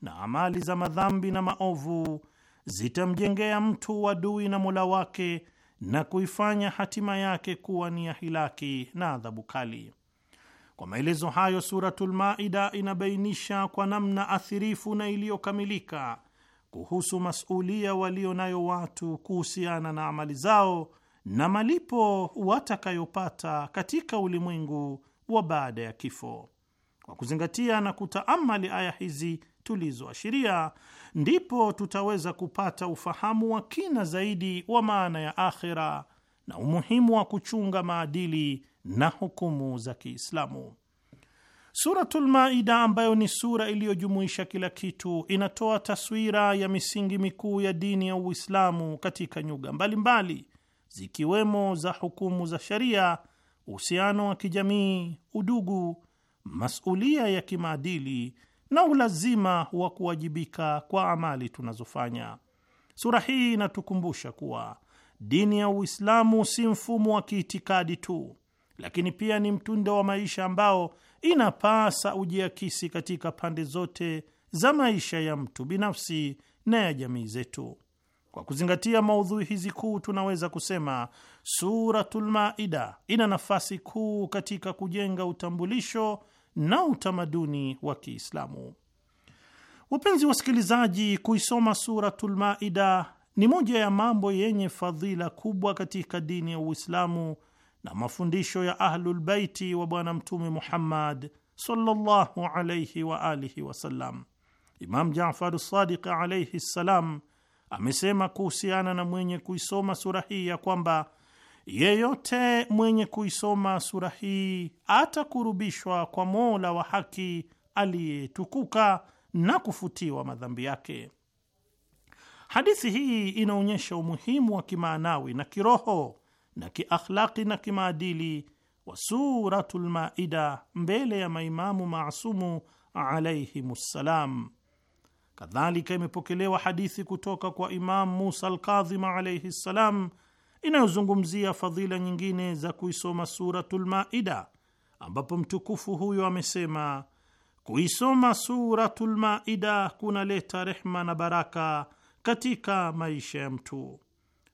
na amali za madhambi na maovu zitamjengea mtu wadui na Mola wake na kuifanya hatima yake kuwa ni ya hilaki na adhabu kali. Kwa maelezo hayo, Suratul Maida inabainisha kwa namna athirifu na iliyokamilika kuhusu masulia walio nayo watu kuhusiana na amali zao na malipo watakayopata katika ulimwengu wa baada ya kifo. Kwa kuzingatia na kutaamali aya hizi tulizoashiria, ndipo tutaweza kupata ufahamu wa kina zaidi wa maana ya akhira na umuhimu wa kuchunga maadili na hukumu za Kiislamu. Suratul Maida, ambayo ni sura iliyojumuisha kila kitu, inatoa taswira ya misingi mikuu ya dini ya Uislamu katika nyuga mbalimbali mbali, zikiwemo za hukumu za sharia, uhusiano wa kijamii, udugu, masulia ya kimaadili na ulazima wa kuwajibika kwa amali tunazofanya. Sura hii inatukumbusha kuwa dini ya Uislamu si mfumo wa kiitikadi tu, lakini pia ni mtindo wa maisha ambao inapasa ujiakisi katika pande zote za maisha ya mtu binafsi na ya jamii zetu. Kwa kuzingatia maudhui hizi kuu, tunaweza kusema Suratul Maida ina nafasi kuu katika kujenga utambulisho na utamaduni wa Kiislamu. Wapenzi wasikilizaji, kuisoma Suratul Maida ni moja ya mambo yenye fadhila kubwa katika dini ya Uislamu na mafundisho ya Ahlulbeiti wa Bwana Mtume Muhammad sallallahu alayhi wa alihi wasallam. Imam Jafar Sadiq alaihi ssalam amesema kuhusiana na mwenye kuisoma sura hii ya kwamba Yeyote mwenye kuisoma sura hii atakurubishwa kwa Mola wa haki aliyetukuka na kufutiwa madhambi yake. Hadithi hii inaonyesha umuhimu wa kimaanawi na kiroho na kiakhlaki na kimaadili wa Suratul Maida mbele ya maimamu maasumu ssalam. Kadhalika imepokelewa hadithi kutoka kwa Imamu Musa Alkadhima alaihi ssalam inayozungumzia fadhila nyingine za kuisoma Suratul Maida, ambapo mtukufu huyo amesema kuisoma Suratul Maida kunaleta rehma na baraka katika maisha ya mtu.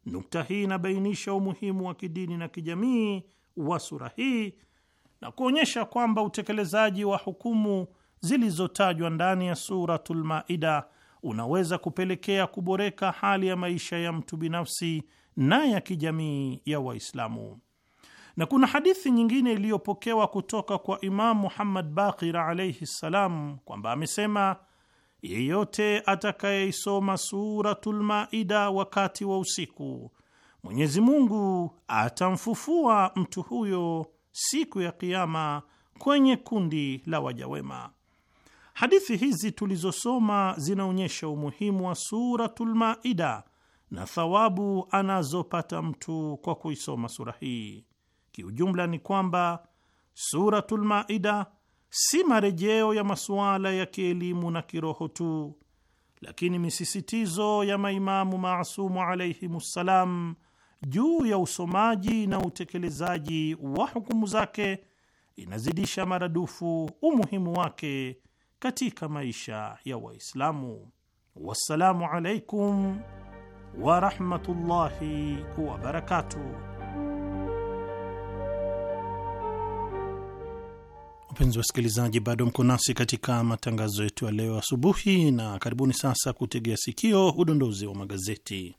Nukta hii inabainisha umuhimu wa kidini na kijamii wa sura hii na kuonyesha kwamba utekelezaji wa hukumu zilizotajwa ndani ya Suratul Maida unaweza kupelekea kuboreka hali ya maisha ya mtu binafsi na ya kijamii ya Waislamu. Na kuna hadithi nyingine iliyopokewa kutoka kwa Imamu Muhammad Baqir alaihi ssalam kwamba amesema, yeyote atakayeisoma Suratul Maida wakati wa usiku, Mwenyezi Mungu atamfufua mtu huyo siku ya Kiama kwenye kundi la wajawema. Hadithi hizi tulizosoma zinaonyesha umuhimu wa Suratul Maida na thawabu anazopata mtu kwa kuisoma sura hii. Kiujumla ni kwamba Suratul Maida si marejeo ya masuala ya kielimu na kiroho tu, lakini misisitizo ya maimamu maasumu ssalam juu ya usomaji na utekelezaji wa hukumu zake inazidisha maradufu umuhimu wake katika maisha ya Waislamu. Wassalamu alaikum wa rahmatullahi wa barakatuh. Wapenzi wasikilizaji, bado mko nasi katika matangazo yetu ya leo asubuhi, na karibuni sasa kutegea sikio udondozi wa magazeti.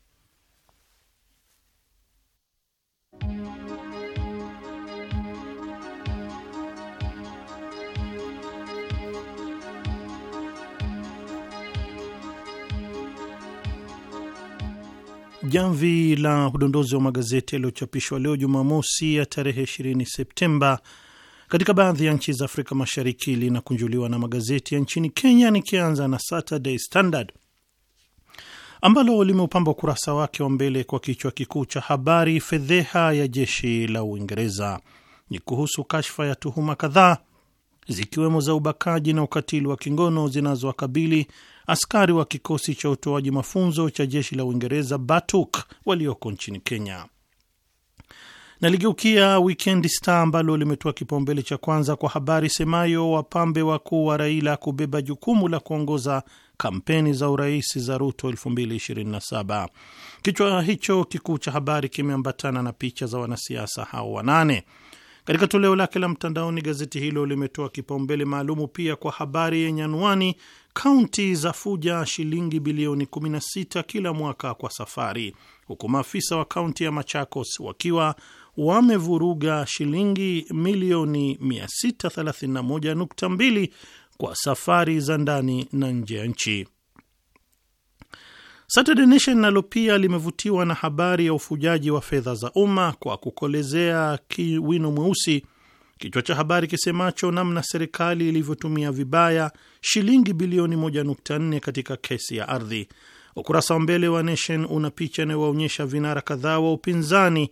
jamvi la udondozi wa magazeti yaliyochapishwa leo Jumamosi ya tarehe 20 Septemba katika baadhi ya nchi za Afrika Mashariki linakunjuliwa na magazeti ya nchini Kenya, nikianza na Saturday Standard ambalo limeupamba ukurasa wake wa mbele kwa kichwa kikuu cha habari, fedheha ya jeshi la Uingereza. Ni kuhusu kashfa ya tuhuma kadhaa zikiwemo za ubakaji na ukatili wa kingono zinazowakabili askari wa kikosi cha utoaji mafunzo cha jeshi la Uingereza BATUK walioko nchini Kenya. Naligeukia Wikendi Star ambalo limetoa kipaumbele cha kwanza kwa habari semayo wapambe wakuu wa Raila kubeba jukumu la kuongoza kampeni za urais za Ruto 2027. Kichwa hicho kikuu cha habari kimeambatana na picha za wanasiasa hao wanane. Katika toleo lake la mtandaoni, gazeti hilo limetoa kipaumbele maalumu pia kwa habari yenye anwani kaunti za fuja shilingi bilioni 16 kila mwaka kwa safari, huku maafisa wa kaunti ya Machakos wakiwa wamevuruga shilingi milioni 631.2 kwa safari za ndani na nje ya nchi. Saturday Nation nalo pia limevutiwa na habari ya ufujaji wa fedha za umma kwa kukolezea kiwino mweusi Kichwa cha habari kisemacho namna serikali ilivyotumia vibaya shilingi bilioni 1.4 katika kesi ya ardhi. Ukurasa wa mbele wa Nation una picha inayowaonyesha vinara kadhaa wa upinzani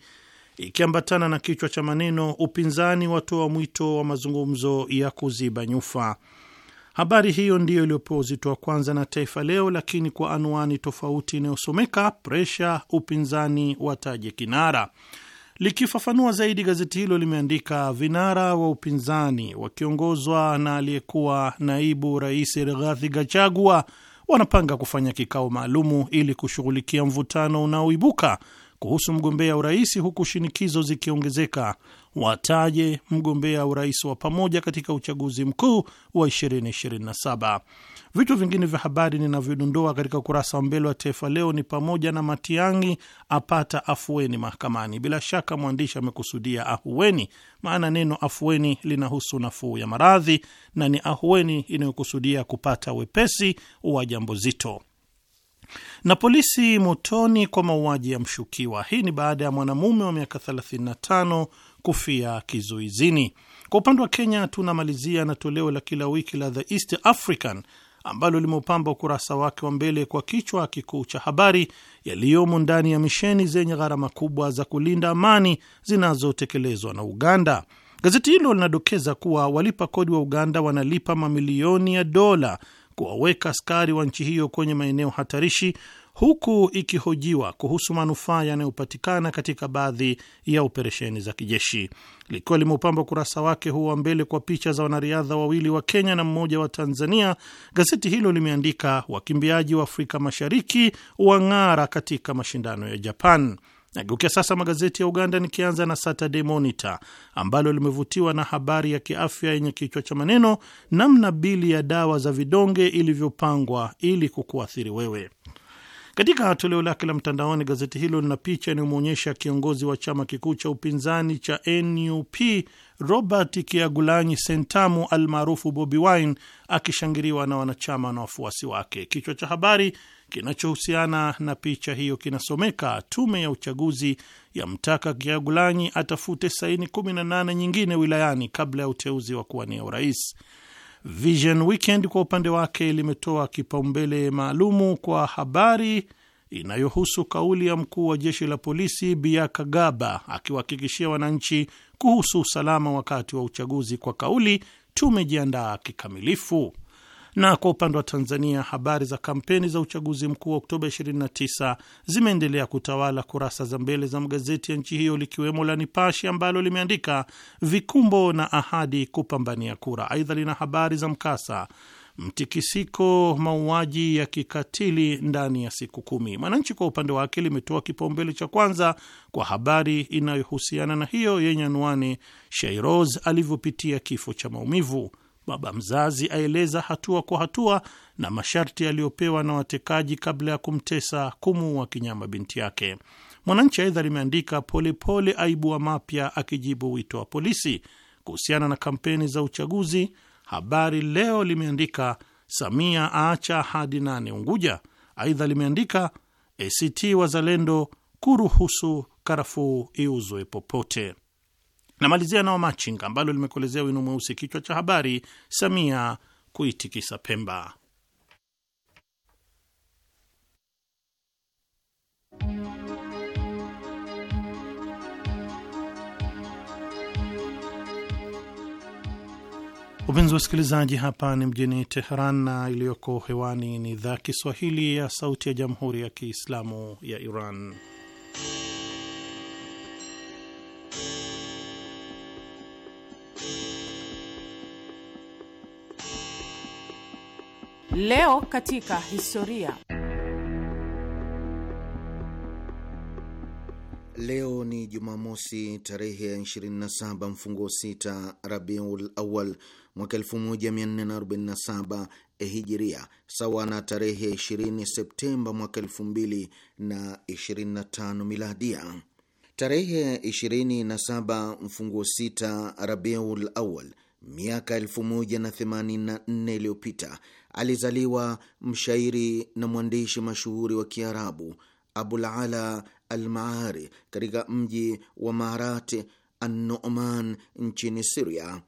ikiambatana na kichwa cha maneno upinzani watoa mwito wa mazungumzo ya kuziba nyufa. Habari hiyo ndiyo iliyopewa uzito wa kwanza na Taifa Leo, lakini kwa anwani tofauti inayosomeka presha upinzani wataje kinara. Likifafanua zaidi, gazeti hilo limeandika vinara wa upinzani wakiongozwa na aliyekuwa naibu rais Rigathi Gachagua wanapanga kufanya kikao maalumu ili kushughulikia mvutano unaoibuka kuhusu mgombea urais, huku shinikizo zikiongezeka wataje mgombea urais wa pamoja katika uchaguzi mkuu wa 2027. Vichwa vingine vya habari ninavyodondoa katika ukurasa wa mbele wa Taifa Leo ni pamoja na Matiang'i apata afueni mahakamani. Bila shaka mwandishi amekusudia ahueni, maana neno afueni linahusu nafuu ya maradhi na ni ahueni inayokusudia kupata wepesi wa jambo zito na polisi motoni kwa mauaji ya mshukiwa. Hii ni baada ya mwanamume wa miaka 35 kufia kizuizini. Kwa upande wa Kenya tunamalizia na toleo la kila wiki la The East African ambalo limeupamba ukurasa wake wa mbele kwa kichwa kikuu cha habari, yaliyomo ndani ya misheni zenye gharama kubwa za kulinda amani zinazotekelezwa na Uganda. Gazeti hilo linadokeza kuwa walipa kodi wa Uganda wanalipa mamilioni ya dola kuwaweka askari wa nchi hiyo kwenye maeneo hatarishi, huku ikihojiwa kuhusu manufaa yanayopatikana katika baadhi ya operesheni za kijeshi. Likiwa limeupamba ukurasa wake huo wa mbele kwa picha za wanariadha wawili wa Kenya na mmoja wa Tanzania, gazeti hilo limeandika wakimbiaji wa Afrika Mashariki wang'ara katika mashindano ya Japan. Nageukia sasa magazeti ya Uganda, nikianza na Saturday Monitor ambalo limevutiwa na habari ya kiafya yenye kichwa cha maneno namna bili ya dawa za vidonge ilivyopangwa ili kukuathiri wewe. Katika toleo lake la mtandaoni, gazeti hilo lina picha inayomwonyesha kiongozi wa chama kikuu cha upinzani cha NUP Robert kiagulanyi Sentamu almaarufu Bobi Wine akishangiliwa na wanachama na wafuasi wake. Kichwa cha habari kinachohusiana na picha hiyo kinasomeka: tume ya uchaguzi yamtaka Kyagulanyi atafute saini 18 nyingine wilayani kabla ya uteuzi wa kuwania urais. Vision Weekend kwa upande wake limetoa kipaumbele maalumu kwa habari inayohusu kauli ya mkuu wa jeshi la polisi Biaka Gaba akiwahakikishia wananchi kuhusu usalama wakati wa uchaguzi kwa kauli tumejiandaa kikamilifu. Na kwa upande wa Tanzania, habari za kampeni za uchaguzi mkuu wa Oktoba 29 zimeendelea kutawala kurasa za mbele za magazeti ya nchi hiyo, likiwemo la nipashi ambalo limeandika vikumbo na ahadi kupambania kura. Aidha lina habari za mkasa mtikisiko mauaji ya kikatili ndani ya siku kumi. Mwananchi kwa upande wake limetoa kipaumbele cha kwanza kwa habari inayohusiana na hiyo yenye anwani Shairoz alivyopitia kifo cha maumivu. Baba mzazi aeleza hatua kwa hatua na masharti aliyopewa na watekaji kabla ya kumtesa, kumuua kinyama binti yake. Mwananchi aidha limeandika Polepole aibua mapya akijibu wito wa polisi kuhusiana na kampeni za uchaguzi. Habari Leo limeandika Samia aacha hadi nane Unguja. Aidha limeandika ACT Wazalendo kuruhusu karafuu iuzwe popote. Namalizia nao machinga ambalo limekuelezea wino mweusi, kichwa cha habari, Samia kuitikisa Pemba. Upenzi wa wasikilizaji, hapa ni mjini Teheran na iliyoko hewani ni idhaa Kiswahili ya Sauti ya Jamhuri ya Kiislamu ya Iran. Leo katika historia. Leo ni Jumamosi tarehe ya 27 mfungo 6 Rabiul Awal mwaka 1447 eh, hijiria sawa na tarehe 20 Septemba mwaka 2025 miladia. Tarehe 27 mfunguo sita Rabiul Awal miaka 1084 iliyopita alizaliwa mshairi na mwandishi mashuhuri wa Kiarabu Abul Ala maari katika mji wa Marat Annuman nchini Siria.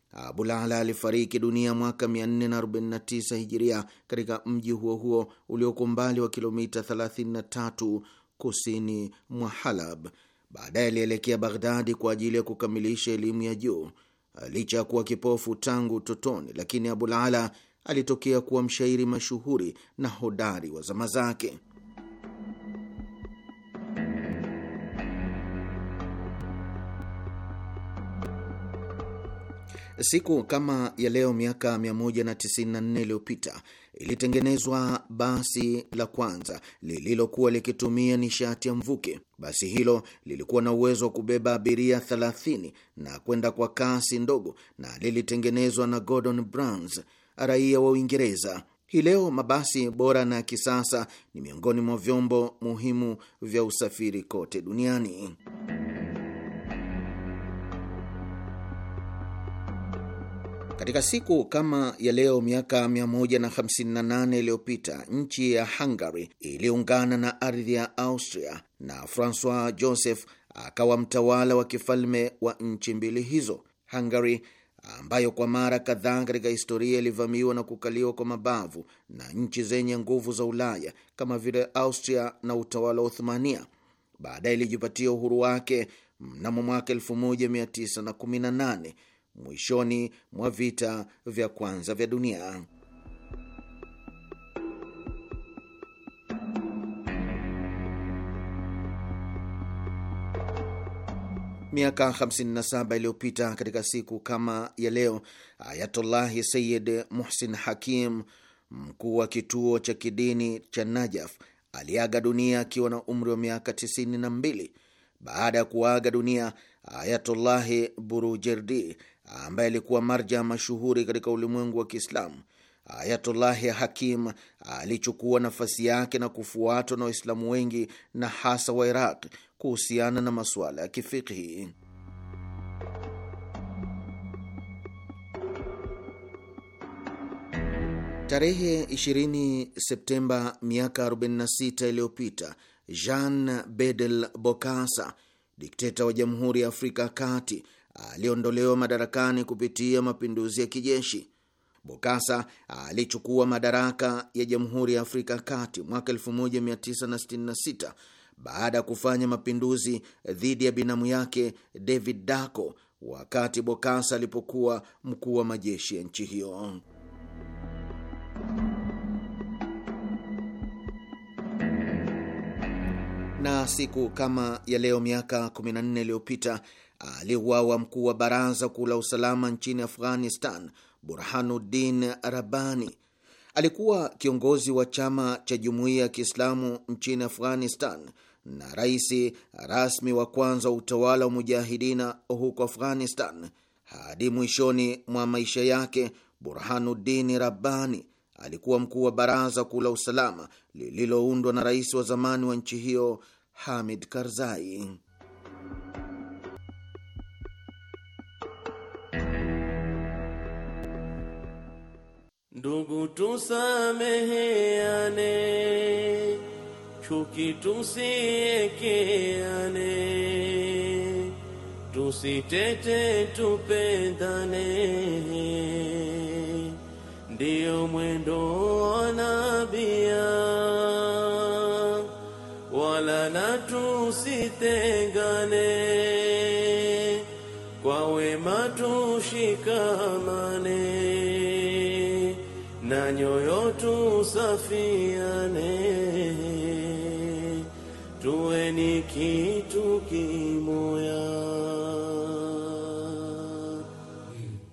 ala alifariki dunia mwaka 449 hijiria katika mji huo huo ulioko umbali wa kilomita 33 kusini mwa Halab. Baadaye alielekea Baghdadi kwa ajili ya kukamilisha elimu ya juu. Licha ya kuwa kipofu tangu utotoni, lakini Abulala alitokea kuwa mshairi mashuhuri na hodari wa zama zake. Siku kama ya leo miaka 194 iliyopita ilitengenezwa basi la kwanza lililokuwa likitumia nishati ya mvuke. Basi hilo lilikuwa na uwezo wa kubeba abiria 30 na kwenda kwa kasi ndogo, na lilitengenezwa na Gordon Browns, raia wa Uingereza. Hii leo mabasi bora na ya kisasa ni miongoni mwa vyombo muhimu vya usafiri kote duniani. Katika siku kama ya leo miaka 158 iliyopita nchi ya Hungary iliungana na ardhi ya Austria na Francois Joseph akawa mtawala wa kifalme wa nchi mbili hizo. Hungary ambayo kwa mara kadhaa katika historia ilivamiwa na kukaliwa kwa mabavu na nchi zenye nguvu za Ulaya kama vile Austria na utawala wa Uthmania, baadaye ilijipatia uhuru wake mnamo mwaka 1918 mwishoni mwa vita vya kwanza vya dunia. Miaka 57 iliyopita katika siku kama ya leo, Ayatullahi Sayid Muhsin Hakim, mkuu wa kituo cha kidini cha Najaf, aliaga dunia akiwa na umri wa miaka 92. Baada ya kuaga dunia Ayatullahi Burujerdi ambaye alikuwa marja mashuhuri katika ulimwengu wa Kiislamu, Ayatullahi Hakim alichukua nafasi yake na kufuatwa na Waislamu wengi na hasa wa Iraq kuhusiana na masuala ya kifikhi. Tarehe 20 Septemba miaka 46 iliyopita, Jean Bedel Bokassa, dikteta wa Jamhuri ya Afrika ya Kati, aliondolewa madarakani kupitia mapinduzi ya kijeshi. Bokassa alichukua madaraka ya Jamhuri ya Afrika ya Kati mwaka 1966 baada ya kufanya mapinduzi dhidi ya binamu yake David Daco wakati Bokassa alipokuwa mkuu wa majeshi ya nchi hiyo. Na siku kama ya leo miaka 14 iliyopita aliuawa mkuu wa baraza kuu la usalama nchini Afghanistan, Burhanuddin Rabani. Alikuwa kiongozi wa chama cha jumuiya ya Kiislamu nchini Afghanistan na rais rasmi wa kwanza wa utawala wa mujahidina huko Afghanistan. Hadi mwishoni mwa maisha yake, Burhanuddin Rabbani alikuwa mkuu wa baraza kuu la usalama lililoundwa na rais wa zamani wa nchi hiyo Hamid Karzai. Ndugu, tusameheane, chuki tusiekeane, tusitete, tupendane, ndiyo mwendo wa nabia, wala na tusitengane, kwa wema tushikamane tusafiane, tuwe ni kitu kimoya.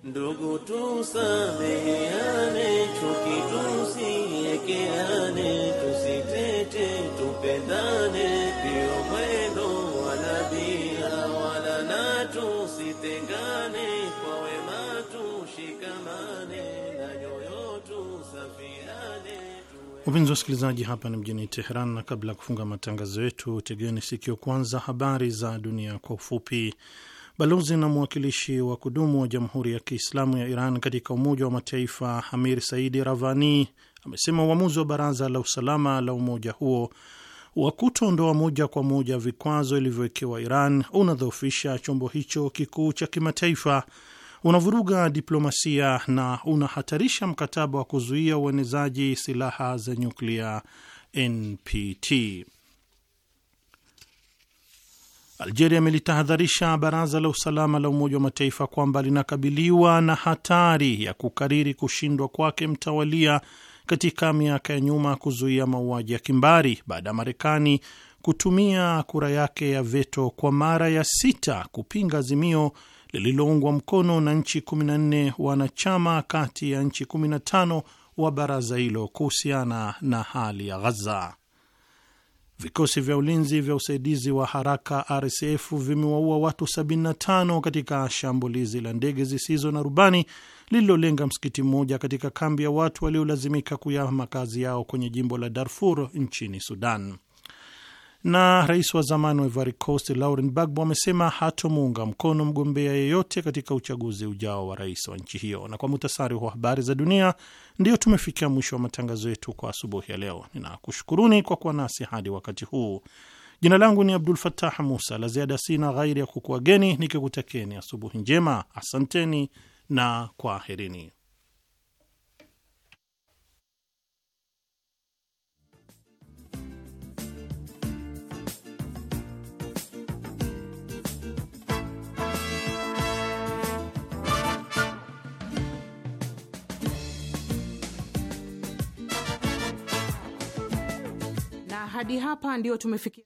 Ndugu, tusameheane, chuki tusiekeane, tusitete, tupendane Wapenzi wasikilizaji, hapa ni mjini Teheran, na kabla ya kufunga matangazo yetu, tegeni sikio kwanza habari za dunia kwa ufupi. Balozi na mwakilishi wa kudumu wa Jamhuri ya Kiislamu ya Iran katika Umoja wa Mataifa Hamir Saidi Ravani amesema uamuzi wa Baraza la Usalama la umoja huo wa kutoondoa moja kwa moja vikwazo ilivyowekewa Iran unadhoofisha chombo hicho kikuu cha kimataifa unavuruga diplomasia na unahatarisha mkataba wa kuzuia uenezaji silaha za nyuklia NPT. Algeria imelitahadharisha Baraza la Usalama la Umoja wa Mataifa kwamba linakabiliwa na hatari ya kukariri kushindwa kwake mtawalia katika miaka ya nyuma kuzuia mauaji ya kimbari baada ya Marekani kutumia kura yake ya veto kwa mara ya sita kupinga azimio lililoungwa mkono na nchi 14 wanachama kati ya nchi 15 wa baraza hilo kuhusiana na hali ya Ghaza. Vikosi vya ulinzi vya usaidizi wa haraka RSF vimewaua watu 75 katika shambulizi la ndege zisizo na rubani lililolenga msikiti mmoja katika kambi ya watu waliolazimika kuyahama makazi yao kwenye jimbo la Darfur nchini Sudan na rais wa zamani wa Ivory Coast Laurent Gbagbo amesema hatomuunga mkono mgombea yeyote katika uchaguzi ujao wa rais wa nchi hiyo. Na kwa muhtasari wa habari za dunia, ndiyo tumefikia mwisho wa matangazo yetu kwa asubuhi ya leo. Ninakushukuruni kwa kuwa nasi hadi wakati huu. Jina langu ni Abdul fatah Musa. La ziada sina ghairi ya kukuageni nikikutakeni asubuhi njema. Asanteni na kwaherini. Hadi hapa ndio tumefikia